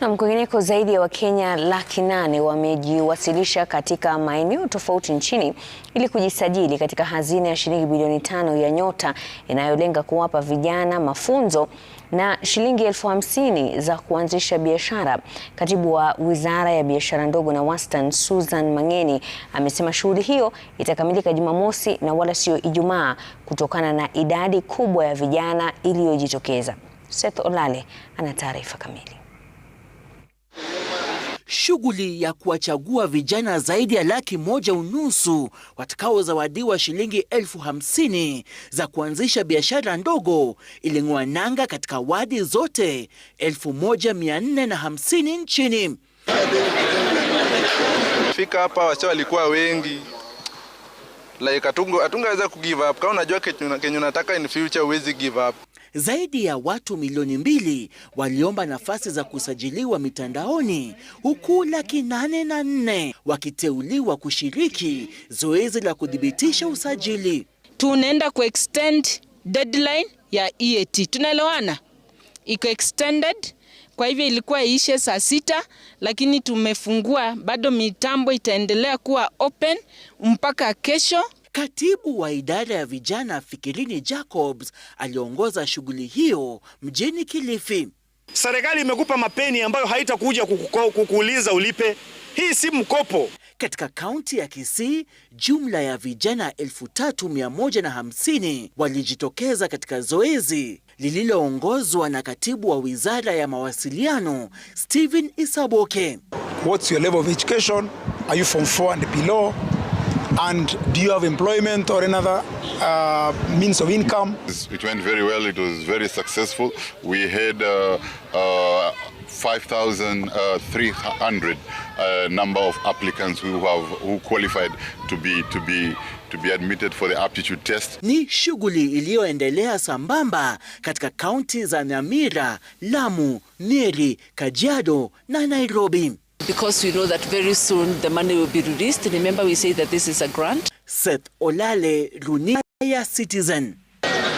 Na kwingineko, zaidi ya Wakenya laki nane wamejiwasilisha katika maeneo tofauti nchini ili kujisajili katika hazina ya shilingi bilioni tano ya Nyota inayolenga kuwapa vijana mafunzo na shilingi elfu hamsini za kuanzisha biashara. Katibu wa Wizara ya Biashara Ndogo na Wastani, Susan Mang'eni, amesema shughuli hiyo itakamilika Jumamosi na wala sio Ijumaa kutokana na idadi kubwa ya vijana iliyojitokeza. Seth Olale ana taarifa kamili shughuli ya kuwachagua vijana zaidi ya laki moja unusu watakaozawadiwa shilingi elfu hamsini za kuanzisha biashara ndogo iling'oa nanga katika wadi zote elfu moja mia nne na hamsini nchini. Fika hapa wasichana walikuwa wengi like atungo atungaweza give up kama unajua kenye unataka in future huwezi give up. Zaidi ya watu milioni mbili waliomba nafasi za kusajiliwa mitandaoni huku laki nane na nne wakiteuliwa kushiriki zoezi la kuthibitisha usajili. Tunaenda ku extend deadline ya EAT, tunaelewana, iko extended kwa hivyo ilikuwa iishe saa sita, lakini tumefungua bado, mitambo itaendelea kuwa open mpaka kesho. Katibu wa idara ya vijana Fikirini Jacobs aliongoza shughuli hiyo mjini Kilifi. Serikali imekupa mapeni ambayo haitakuja kukuuliza ulipe, hii si mkopo. Katika kaunti ya Kisii jumla ya vijana 3150 walijitokeza katika zoezi lililoongozwa na katibu wa wizara ya mawasiliano Stephen Isaboke. What's your level of education? Are you from 4 and below? And do you have employment or another uh, means of income? It went very well. It was very successful. We had uh, uh, 5,300 uh, uh, number of applicants who have who qualified to be to be to be admitted for the aptitude test. Ni shughuli iliyoendelea sambamba katika kaunti za Nyamira, Lamu, Nyeri, Kajiado na Nairobi because we know that very soon the money will be released. Remember we say that this is a grant. Seth Olale, Lunia Citizen.